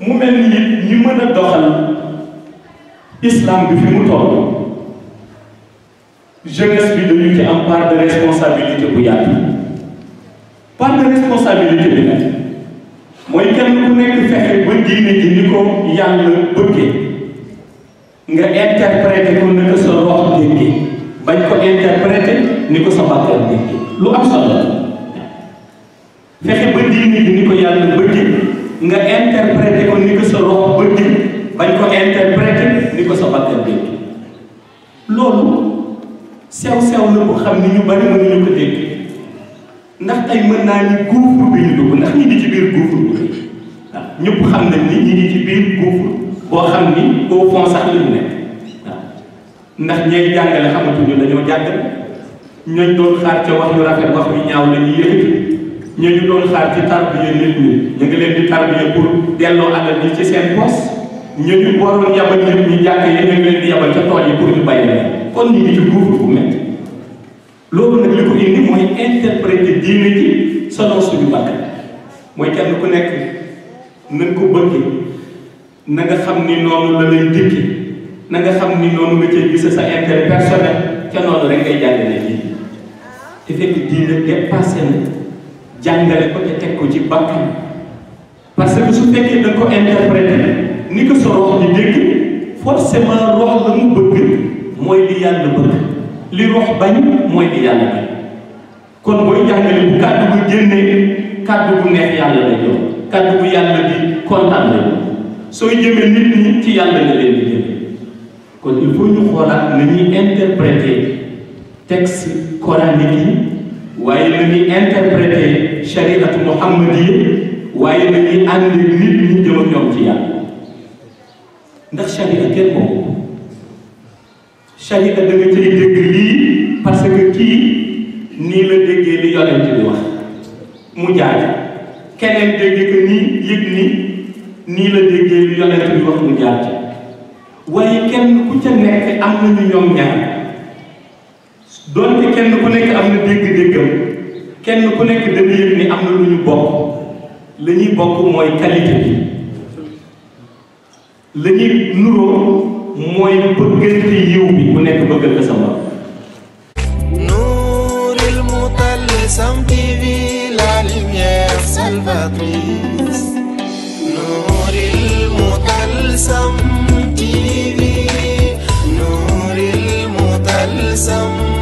mu mel ni it ñu mën a doxal islam bi fi mu toll jeunesse bi dañu am part de responsabilité bu yàgg part de responsabilité bi nag mooy kenn ku nekk fexe ba diine ji ni ko yàlla bëggee nga interprété ko niko sa bàkkeel bi lu am solo fexé ba diine bi ni ko bëgg nga interpréter ko niko ko sa roh bëgg bañ ko interpréter niko sa bàkkeel bi lolu sew-sew lu ko xamni ñu bari ñu ko dégg ndax tay mën naa ni gouffre bi ñu dugg ndax ñi di ci biir gouffre bu waaw ñëpp xam nañ ni ñi di ci biir gouffre bo xam ni au fond sax li nekk ndax ñay jàngale ñu dañoo jàngale ñoñ doon xaar ci wax yu rafet wax yu ñaaw lañu yëkëti yëkkati doon xaar ci tarbiya nit ñi ñu ngi leen di tarbiya pour delloo alal ñi ci seen pos ñooñu waroon yabal nit ñi jàkk yi ñu ngi leen di yabal ca tool yi pour ñu bàyyi leen kon ñu ngi ci buuf bu metti loolu nag li ko indi mooy interpréter diine ji selon suñu bakkan mooy kenn ku nekk na ko bëgg na nga xam ni noonu la lay dikki na nga xam ni noonu nga cee gis sa intérêt personnel ca kan noonu rek ngay jàngale lii te fekk diine dépassé na jàngale ko te teg ko ci bakkan parce que su fekkee da ko interprété ni ko sa rox di dégg forcément rox la mu bëgg mooy li yàlla bëgg li rox bañ mooy li yàlla bañ kon booy jàngale bu kàddu bu génnee kàddu bu neex yàlla la jox kàddu bu yàlla bi kontaan la sooy jëmee nit ñi ci yàlla nga leen di jëme kon il faut ñu xoolaat la ñuy interpréter texte coranique yi waaye la ñuy interpréter shariatu waaye la ñuy ànd nit ñi jëm ak ñoom ci ndax sharia moom sharia nga cay dégg lii parce que kii nii la déggee li yonent bi wax mu keneen dégg que nii yëg ni nii la déggee li yonent bi wax mu waaye kenn ku ca nekk am nañu ñoom ñaar doonte kenn ku nekk am na dégg-déggam kenn ku nekk dana ni am na lu ñu bokk la bokk mooy qualité bi la ñuy nuroo mooy bëggante yiw bi ku nekk bëggal ko sa bopp Nouril Moutalli Sam TV la lumière salvatrice Nouril ملسم